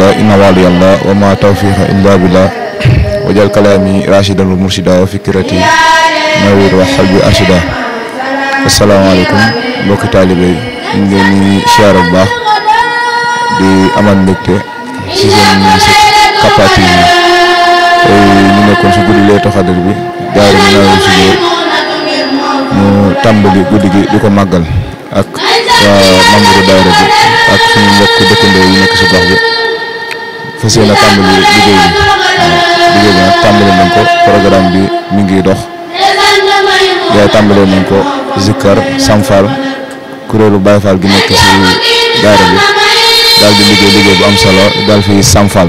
illallah inna wali wa ma tawfiqa illa billah wajal kalaami rashidan wa murshida wa fikrati nawir wa xalbi arshida asalaamaaleykum mbokki taalibe yi ñu ngi leen di bu baax di amal mbégte si guddi Laylatul Qadr bi daal di naan si ñu tàmbali guddi gi di ko màggal ak waa membre bi ak suñu mbokk dëkkandoo yi nekk si gox bi. fas yéene tàmbali liggéey bi liggéey tàmbali nañ ko programme bi mu ngi dox yaay tàmbalee nañ ko zikkar samfal kuréelu Baye gi nekk ci daara bi daal di liggéey liggéey bu am solo daal fi samfal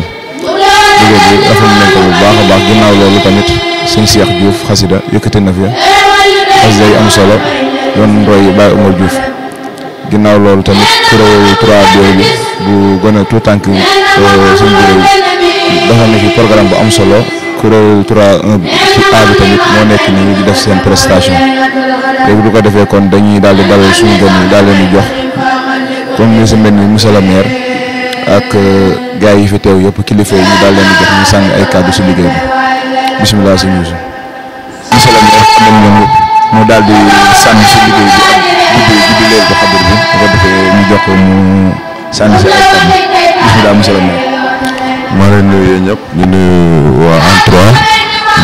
liggéey bi rafetlu nañ ko bu baax a baax ginnaaw loolu tamit suñ Seex xasida yëkkati na fi xasida yu am solo doon roy Baye Omar Diouf ginnaaw loolu tamit kuréelu 3 bi bu gën a tuutànk suñu kuréel dafa na fi programme bu am solo kuréel 3 ci A bi tamit moo nekk nii di def seen prestation léegi du ko defee kon dañuy daal di dalal suñu gan yi daal leen di jox comme monsieur mel ni monsieur le maire ak euh, gars yi fi yëpp kilifa yi ñu daal leen di jox ñu sàng ay kàddu si liggéey bisimilah suñu monsieur le mu daal di sànni si liggéey bi ak jubbi jubbi léegi ñu jox si ay kàddu. bisimilah monsieur le maire. maa leen nuyu yéen ñëpp ñu nuyu waa en trois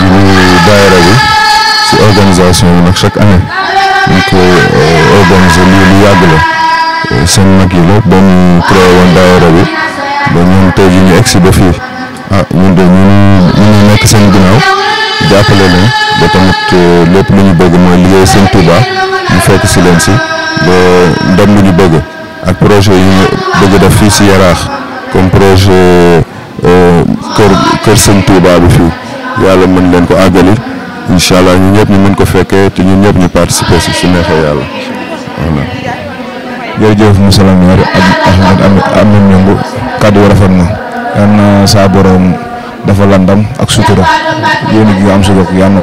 ñu nuyu daayira bi si organisation bi nag chaque année ñu koy euh, organiser lu yàgg la euh, seen mag yi la ba ñu créé woon daayira bi ba ñun tey jii si ba ah, de ñu nekk seen ginnaaw jàppale leen ba tamit euh, lépp lu ñu bëgg mooy liggéey seen Touba ñu fekk si leen si ba ndam lu ñu bëgg ak projet yi ñu bëgg def fii si Yaraax. comme projet euh, kër kër sëñ Touba bi fii yàlla mën ko allah ñun ñu mën ko fekkee te ñun ñëpp ñu participer si su neexee yàlla voilà. jërëjëf Amin rafet na yan saa borom dafa landam ak sutura gi am solo yal na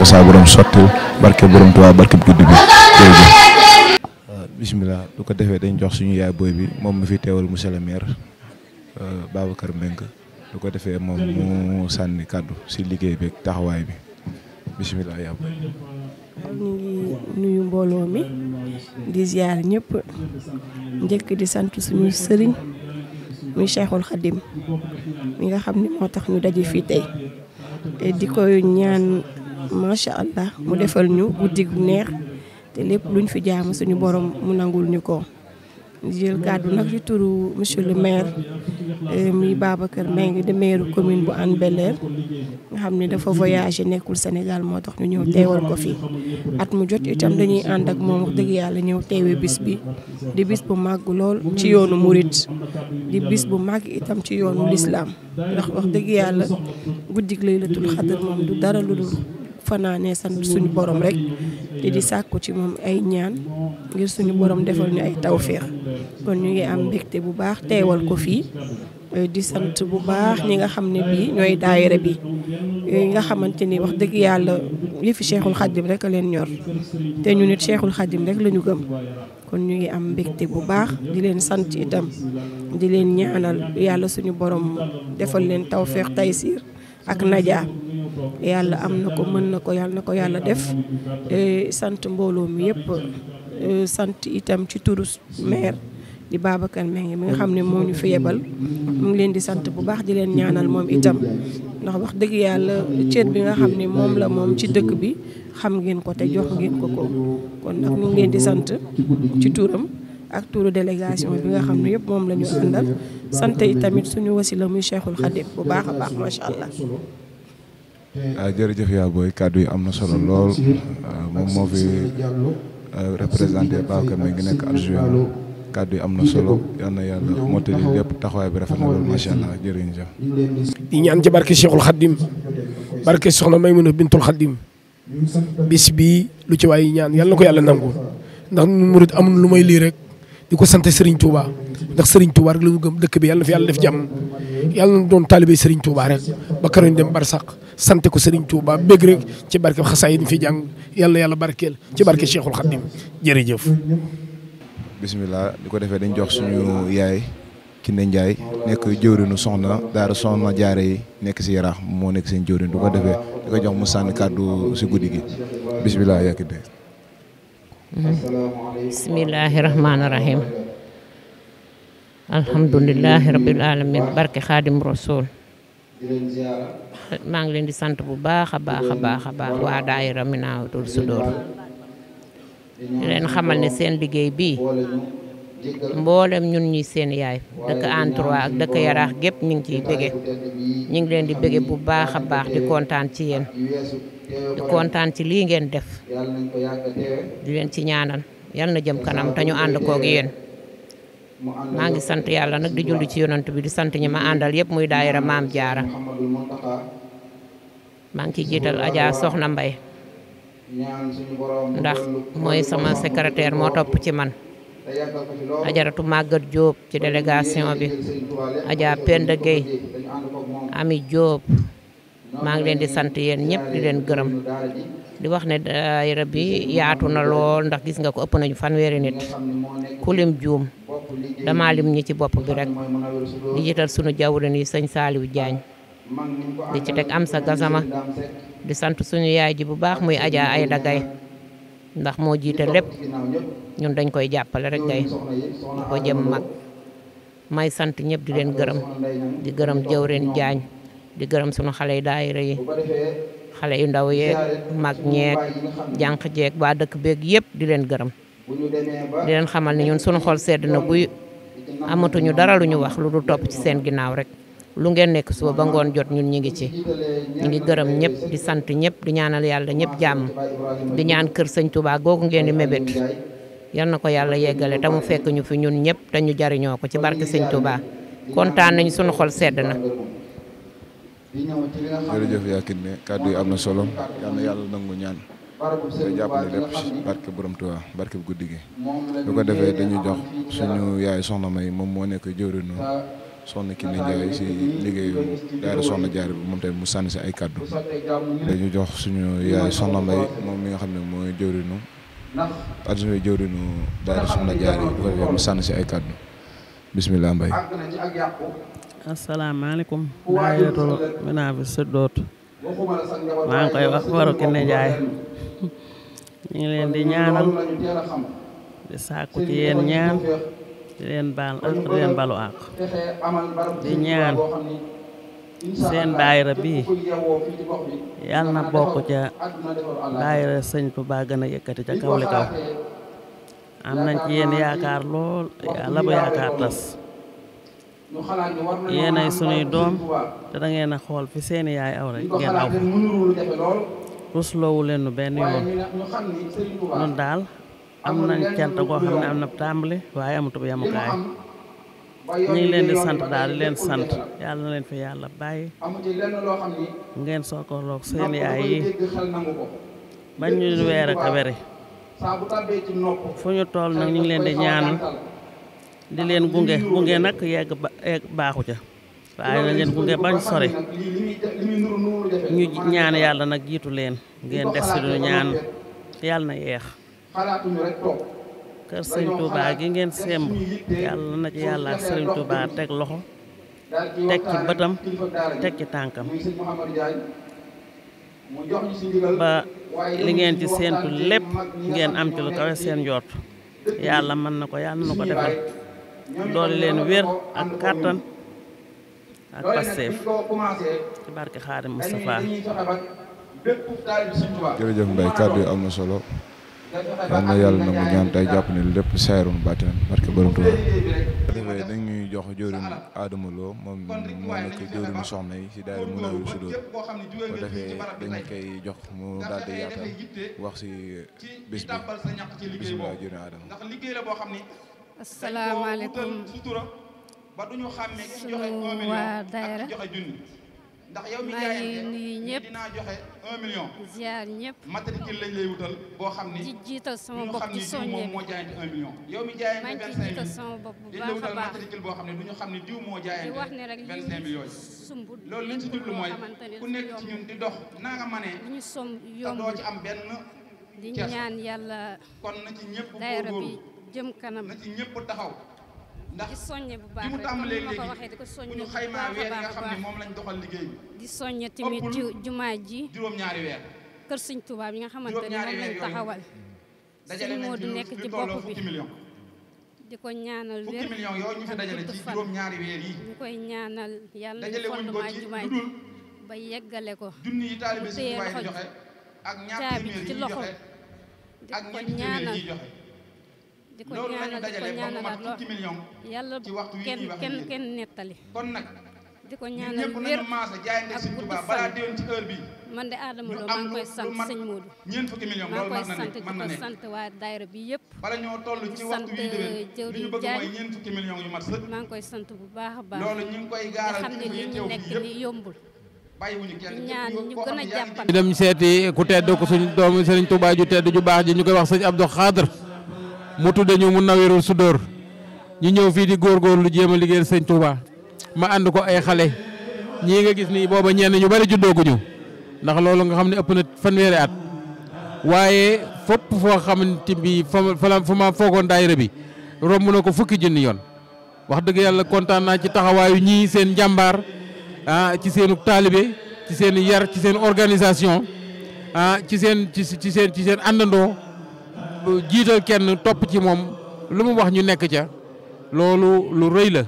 ko borom bi jërëjëf. Ah, bisimilah du dañ jox suñu yaay bi mi Euh, Babacar Mbengue lu ko defee moom mu sànni kàddu si liggéey beeg taxawaay bi bisimilah yàlla. ñu ngi nuyu mbooloo mi di ziar ñëpp njëkk di sant suñu sëriñ muy Cheikhul Khadim mi nga xam ni moo tax ñu daje fii tey te di koy ñaan macha allah mu defal ñu guddi gu neex te lépp luñ fi jaamu suñu borom mu nangul ñu ko. jël kàddu nag ci turu monsieur le maire euh, muy Babacar Mbengue di maire commune bu Hann bel nga xam ne dafa voyagé nekkul Sénégal moo tax ñu ñëw teewal ko fii at mu jot itam dañuy ànd ak moom wax dëgg yàlla ñëw teewe bis bi di bis bu màgg lool ci yoonu murit di bis bu màgg itam ci yoonu lislaam ndax wax dëgg yàlla guddig Laylatul Qadr moom du dara lu dul fanaanee sant suñu borom rek te di sàkku ci moom ay ñaan ngir suñu borom defal ñu ay tawféex kon ñu ngi am mbégte bu baax teewal ko fii eh, di sant bu baax ñi nga xam ne bii ñooy daayira bi eh, yi nga xamante ni wax dëgg yàlla yëfi Cheikhul Khadim rek a leen ñor te ñu nit Cheikhul rek la ñu gëm kon ñu ngi am mbégte bu baax di leen sant itam di leen ñaanal yàlla suñu borom defal leen tawféex taysiir ak najaa yàlla am na ko mën na ko yàlla na ko yàlla def e, sant mbooloo mi yëpp e, sant itam ci turu maire di Babacar Mbengue mi nga xam ne moo ñu fi yebal mu ngi leen di sant bu baax di leen ñaanal moom itam ndax wax dëgg yàlla cër bi nga xam ne moom la moom ci dëkk bi xam ngeen ko te jox ngeen ko ko kon nag ñu ngi leen di sant ci turam ak turu délégation bi nga xam ne yëpp moom la ñu àndal sant yi tamit suñu wasila muy Cheikhul Khadim bu baax a baax macha allah. ah jërëjëf yaa booy kàddu yi am na solo lool euh, moom moo fi euh, représenté Babacar mi ngi nekk adjoint kàddu yi am na solo yal na yàlla mottali taxawaay bi rafet na lool macha allah jërëjëf. di ñaan ci barke Cheikhul Khadim barke Soxna Maymuna Bintul Khadim bis bii lu ci waay ñaan yal ko yàlla nangu ndax ñun murid amul lu may lii rek di ko sant Serigne Touba ndax Serigne Touba rek lu ñu gëm dëkk bi yàlla na fi yàlla def jàmm yàlla na doon taalibe sëriñ Touba rek ba keroog ñu dem Barsak. sante ko Serigne Touba beug rek ci barke khassayine fi jang yalla yalla barkel, ci barke Cheikhul Khadim jere jeuf Bismillah, diko defé dañ jox suñu yaay ne Ndiaye nek jëwrinu soxna daara soxna jaare nek ci si mo nek seen jëwrin du defé diko jox mu sànni kaddu ci guddi bismillah bisimilah Bismillahirrahmanirrahim. Alhamdulillahirabbil alamin barke khadim rasul maa ngi leen di sant bu baax a baax a baax a baax waa daayira Minahatoul Soudour di leen xamal ne seen liggéey bii mboolem ñun ñi seen yaay dëkk Antrois ak dëkk yaraax gépp ñu ngi ciy bége ñu ngi leen di bëgge bu baax a baax di kontaan ci yéen di kontaan ci lii ngeen def di leen ci ñaanal yal na jëm kanam te ñu ànd koog yéen maa ngi sant yàlla nag di julli ci yonant bi di sant ñi ma àndal yëpp muy daayira maam jaara maa ngi ciy jiital Adja Soxna Mbay ndax mooy sama secrétaire moo topp ci man ajaratu Maguette Diop ci délégation bi aja Penda gay Ami Diop maa ngi leen di sant yéen ñëpp di leen gërëm di wax ne daayira bi yaatu na lool ndax gis nga ko ëpp nañu fanweeri nit kulim juum dama lim ñi ci bopp bi rek di jiital sunu jawrin yi sëñ Saaliw Jaañ di ci teg am sa gasama di sant suñu yaay ji bu baax muy ajaa ay dagay ndax moo jiite lépp ñun dañ koy jàppale rek gay di ko jëm mag may sant ñëpp di leen gërëm di gërëm jawrin jaañ di gërëm sunu xale yi daay yi xale yu ndaw yeeg mag ñeeg jànq jeeg waa dëkk beeg yépp di leen gërëm di leen xamal ni ñun suñu xol sedd na bu amatu ñu dara lu ñu wax lu du topp ci seen ginnaaw rek lu ngeen nekk suba ba ngoon jot ñun ñi ngi ci ñu ngi gërëm ñëpp di sant ñëpp di ñaanal yàlla ñëpp jàmm di ñaan kër sëñ Touba googu ngeen di mebet yal na ko yàlla yeggale te mu fekk ñu fi ñun ñëpp te ñu jariñoo ko ci barke sëñ Touba kontaan nañu suñu xol sedd na. jërëjëf Yakhine kàddu yi am na solo yal na yàlla nangu ñaan. nga jàpp ne lépp si barke guddi gi bu ko defee dañu jox suñu yaay soxna May moom moo nekk jëwriñu soxna Kiné Ndiaye si soxna jaare bi mu sànni si ay kàddu dañu jox suñu yaay soxna May moom mi nga xam ne mooy jëwriñu adjoint jëwriñu daara soxna jaare yi bu ko mu sànni si ay kàddu bisimilah Mbaye asalaamaaleykum daayiratul Minaa bi Sidoot maa ngi koy wax Koro Kine Ndiaye ñu ngi leen di ñaanal di sàkku ci yéen ñaan di leen baal ak leen balu àq di ñaan seen daayira bii yàlla na bokk ca daayira sëñ Tuubaa gën a yëkkati ca kaw li kaw am nañ ci yéen yaakaar lool yàlla bu yaakaar tas yéenay sunuy doom te da a xool fi seeni yaay aw rek ngeen aw rusloowu leen nu benn yoon nun daal am nañ cant goo xam ne am na tàmbali waaye amutub yamukaay ñu ngi leen di sant daal di leen sant yàlla na leen fi yàlla bàyyi ngeen sokkorloog seen yaay yi bañ ñu weere ka weri fu ñu toll nag ñu ngi leen di ñaanal di leen gunge gunge nag yegg baaxu ca waaye na leen gunge bañ sore ñu ñaan yàlla nag jiitu leen ngeen des ci lu ñaan yàlla na yeex kër sëñ Touba gi ngeen semb yàlla na ci yàlla sëriñ Touba teg loxo teg ci bëtam teg ci tànkam ba li ngeen ci séentu lépp ngeen am ci lu kawe seen yoot yàlla mën na ko yàlla na ko defal doole leen wér ak kàttan ak passeef ci barke Xaadim Moustapha jërëjëf Mbaye kàddu yi am na solo yal na yàlla na mu ñaan tey jàpp ne lépp sayrun baatinam barke borom Tuuba defee dañuy jox jëwriñ Adama Lo moom moo nekk jëwriñu soxna yi si daayira Munawwirus Sudûr bu defee dañ koy jox mu daal di wax si bés bi bisimilah jëwriñ Adama Assalamualaikum. sutura ba duñu xàmmee ki joxe un million ak joxe junni ndax yow mi jaayante ñëpp dinaa joxe un million ziar ñëpp matricule lañ lay wutal boo xam ni di jiital sama bopp ci soññe moom moo jaayante un million yow mi jaayante vingt cinq mille wutal matricule boo xam ne du diw moo jaayante wax ne rek liñ ci jublu mooy ku nekk ci ñun di dox naa nga ñu som ci am di ñaan kon na ci jëm kanam na ci ñëpp taxaw. ndax di soññe bu baax rek comme ni ma di soññe bu a baax bu nga moom lañ doxal liggéey bi. di soññe tamit ci jumaa ji juróom-ñaari weer. kër sëñ tubaab yi nga xamante ne moom lañ taxawal. Mm. dajale nañ ci nekk ci bopp bi di ko ñaanal wér fukki million yooyu ñu fi dajale ci weer yi. ñu koy ñaanal yàlla ñu fondement jumaa ji ba yeggale ko. junni yi taalibe sëñ Tuubaa yi joxe ak ñaar téeméer yi joxe ak yi joxe di ko ñaanal di ko ñaanalaat loo yàlla kenn kenn kenn nettali kon nag di ko ñaanal wér ak gudd fan man de Adama Lo maa ngi koy sant sëñ Modou maa ngi koy sant di ko sant waa daayira bi yëpp di sant eh, jëwriñ Jaay maa ngi koy sant bu baax a baax nga xam ne li ñu nekk ni yombul ñaan ñu gën a jàppal dem seeti ku tedd ko suñu doomu Sëriñ Touba ju tedd ju baax ji ñu koy wax sëñ Abdou Khadre mu tudde ñu mu naweerul su dor ñu ñew fi di gor lu jema liggéeyal sëñ Touba ma and ko ay xalé ñi nga gis ni boba ñen ñu bari ñu ndax loolu nga xamni ëpp na wéré at waaye fo foo xamante bi fa fuma ma foogoon daayira bi romb nako fukki jinn yoon wax deug yalla kontaan na ci taxawayu ñi seen jambar ah ci seenu talibé ci seen yar ci seen organisation ah ci seen ci seen ci seen andando jiital kenn topp ci moom lu mu wax ñu nekk ca loolu lu rëy la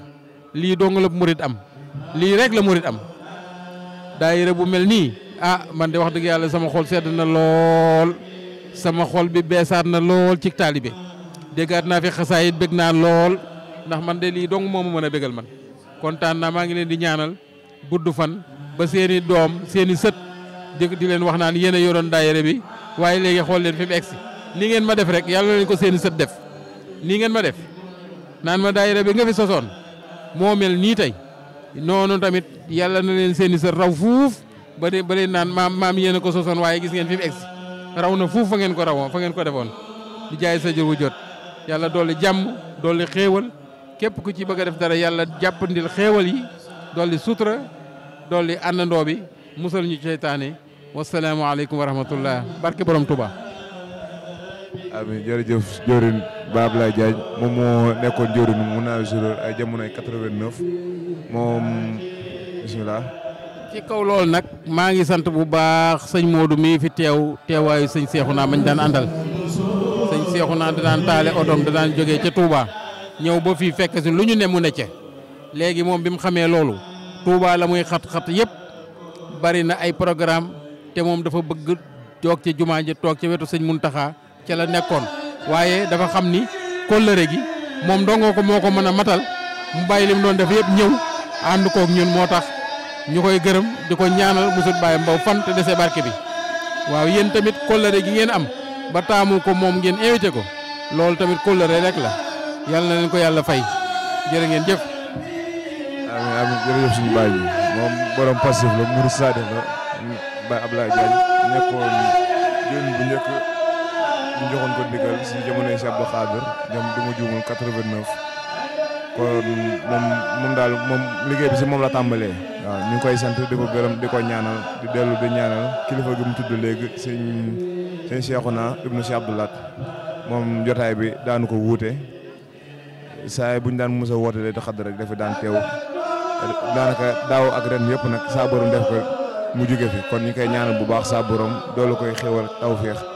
lii dong la murit am lii rek la murit am daa daayira bu mel nii ah man de wax dëgg yàlla sama xol sedd na lool sama xol bi beesaat na lool ci taalibe déggaat naa fi xasaayit bég naa lool ndax man de lii dong moomu mën a bégal man kontaan naa maa ngi leen di ñaanal gudd fan ba seeni doom seeni sët di leen wax naan yéen a yoroon daayira bi waaye léegi xool leen fi mu egsi nii ngeen ma def rek yàlla na leen ko seeni sët def nii ngeen ma def naan ma daayira bi nga fi sosoon moo mel nii tey noonu tamit yàlla na leen seeni sët raw fuuf ba de ba naan maam maam yéen a ko sosoon waaye gis ngeen fi mu egsi raw na fuuf fa ngeen ko rawoon fa ngeen ko defoon di jaay sa jër jot yàlla dolli jàmm dolli xéewal képp ku ci bëgg a def dara yàlla jàppandil xéewal yi dolli sutura dolli àndandoo bi musal ñu seytaane wasalaamu a wa rahmatullah barke borom Touba amiin jërëjëf Diorin Ba Ablaye Diagne moom moo nekkoon Diorin mu naan juróom ay euh, jamonoy 89 moom bisimilah. ci kaw loolu nag maa ngi sant bu baax sëñ Modou mii fi teew teewaayu sëñ naa mañ daan àndal sëñ Seexuna danaan taale otoom danaan jógee ca Touba ñëw ba fii fekke si lu ñu ne mu ne ca léegi moom bi mu xamee loolu Touba la muy xat-xat yëpp bari na ay programme te moom dafa bëgg toog ci jumaa ji toog ci wetu sëñ Muntaxa ca la nekkoon waaye dafa xam ni kóllëre gi moom dongoo ko moo ko mën a matal mu bàyyi li mu doon def yëpp ñëw ànd koog ñun moo tax ñu koy gërëm di ko ñaanal musut bàyyi mbaw fan te dese barke bi waaw yéen tamit kóllëre gi ngeen am ba taamu ko moom ngeen invité ko loolu tamit kóllëre rek la yàlla na ko yàlla fay jërë ngeen jëf. amiin amiin jërëjëf suñu baay bi moom borom passif la Mourou Sadef la Baye Abdoulaye Diagne nekkoon jën bu njëkk. ñu joxoon ko ndigal si jamonoy Cheikh Abdou Khadir ñoom du ma juumul 89 kon moom moom daal moom liggéey bi si moom la tàmbalee. waaw ñu ngi koy sent di ko gërëm di ko ñaanal di dellu di ñaanal kilifa gi mu tudd léegi sëñ sëñ Cheikhouna ibnu Cheikh laat moom jotaay bi daanu ko wuute saa ñu daan mos a woote day taxadd rek dafa daan teew daanaka daaw ak ren yëpp nag saa borom def ko mu jóge fi kon ñu koy ñaanal bu baax saa borom doolu koy xéwal tawféex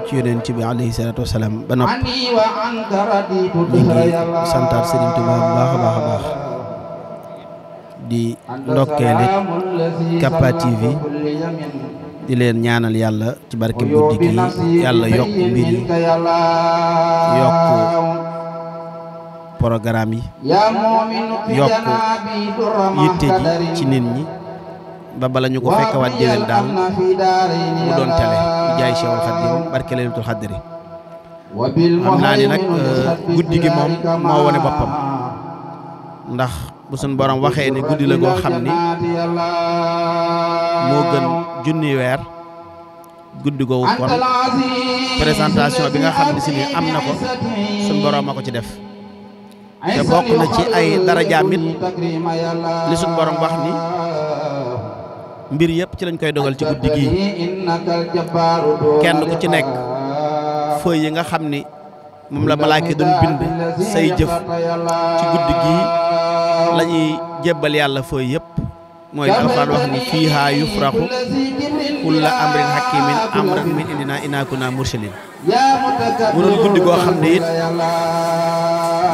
ci yonent bi alayhi salaatu wasalaam di leen ñaanal yàlla ci barke guddi gi yàlla yokk mbir yi yokk programme yi yokk yitte ji ci nit ñi ba bala ñu ko fekk waat déwén daal mu doon tele di jaay Cheikhul Khadim barke Laylatul Qadri am naa ni nag euh, guddi gi mom mo woné bopam ndax bu sun borom waxé ni guddi la go xamni mo gën junni weer guddi go kon présentation bi nga xamni ci ni am na ko borom a ci def te bokku na ci ay darajaam it li sun borom wax ni mbir yëpp ci lañ koy dogal ci guddi gii kenn ku ci nekk fëy yi nga xam ni moom la malaake doon bind say jëf ci guddi gii la jébbal yàlla fëy yëpp mooy alxuraan wax ni fiihaa yufraxu kulla amrin hakimin amran min indina inna kunna mursalin mu doon guddi goo xam ne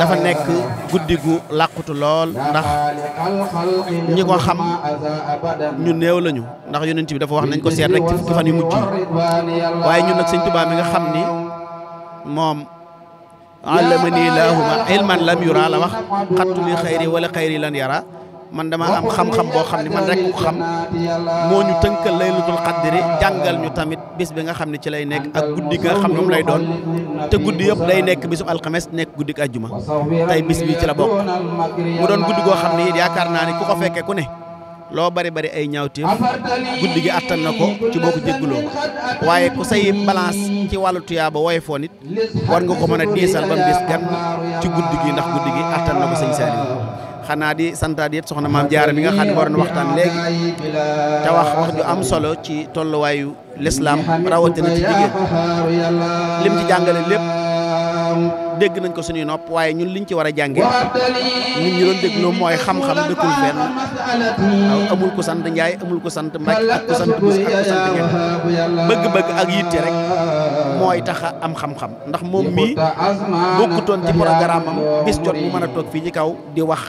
dafa nekk guddi gu làqutu lool ndax ñi ko xam ñu néew lañu ndax yonent bi dafa wax nañ ko seet rek ci fukki fan mujj yi waaye ñun nag sëñ Tuubaa mi nga xam ni moom allamani laahuma lam yura la wax xattu xayri wala xayri lan yara man dama am xam-xam boo xam ne man rek ko xam moo ñu tënkal laylatul xaddiri jàngal ñu tamit bis bi nga xam ne ci lay nekk ak guddi nga xam ne moom lay doon te guddi yëpp lay nekk bisu alxames nekk guddi ak ajjuma tey bis bi ci la bokk mu doon guddi goo xam ne it yaakaar naa ne ku ko fekkee ku ne loo bari bari ay ñaawteef guddi gi àttan na ko ci boo ko jégguloo waaye ku say balance ci wàllu tuyaaba wooye foon it war nga ko mën a diisal ba mu ci guddi gi ndax guddi gi attan sëñ Saliou xana di santaat di soxna mam jaar mi nga xam war na waxtaan wax wax ju am solo ci l'islam rawati na ci jigéen lim ci jangale lepp dégg nañ ko suñu nopp waye ñun liñ ci wara jangé ñun ñu doon déglu moy xam-xam dekkul fenn amul ko sante ndjay amul ko sante mbacc ak ko sante Buus ak ku sant bëgg-bëgg ak yitté rek moy taxa am xam-xam ndax mi bokku ton ci programme bis jot mu mëna tok fi ci kaw di wax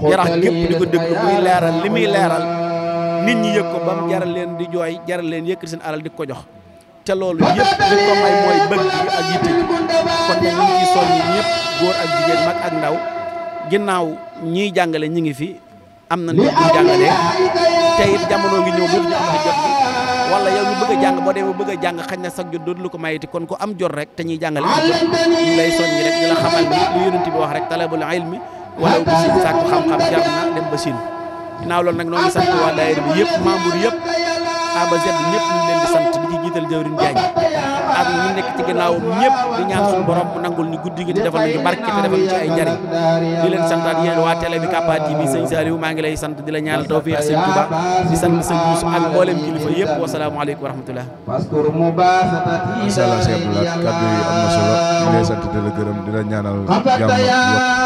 yarax gépp di ko déglu muy leeral li muy leeral nit ñi yëg ko ba mu jaral leen di jooy jaral leen yëkkati seen alal di ko jox te loolu yëpp li ko may mooy bëgg gi ak yitte kon nag ñu ngi soññ ñëpp góor ak jigéen mag ak ndaw ginnaaw ñiy jàngale ñi ngi fi am na nit ñi jàngale te jamono ngi ñëw boobu ñu am bëgg a jàng boo xañ na sax jot dootu lu ko mayiti kon ku am jot rek te ñuy jàngale ñu lay soññ rek di la xamal ni lu yonent bi wax rek talabul ilmi wala bu si sàkku xam-xam jar na dem ba Chine ginnaaw loolu nag noo ngi sant waa daayira bi yëpp membre yëpp A ba Z ñu leen di sant di ci jiital jëwriñ Jaañ ak ñu nekk ci ginnaawam ñëpp di ñaan suñu borom mu nangul guddi gi defal ñu te defal ci ay di leen bi TV sëñ Saliou maa ngi lay sant di la ñaanal tawfiq sëñ Touba di sant sëñ Youssou ak mboolem kilifa yëpp wasalaamualeykum wa rahmatulah. incha allah sëñ Abdoulaye kaddu am na solo di sant di la di la ñaanal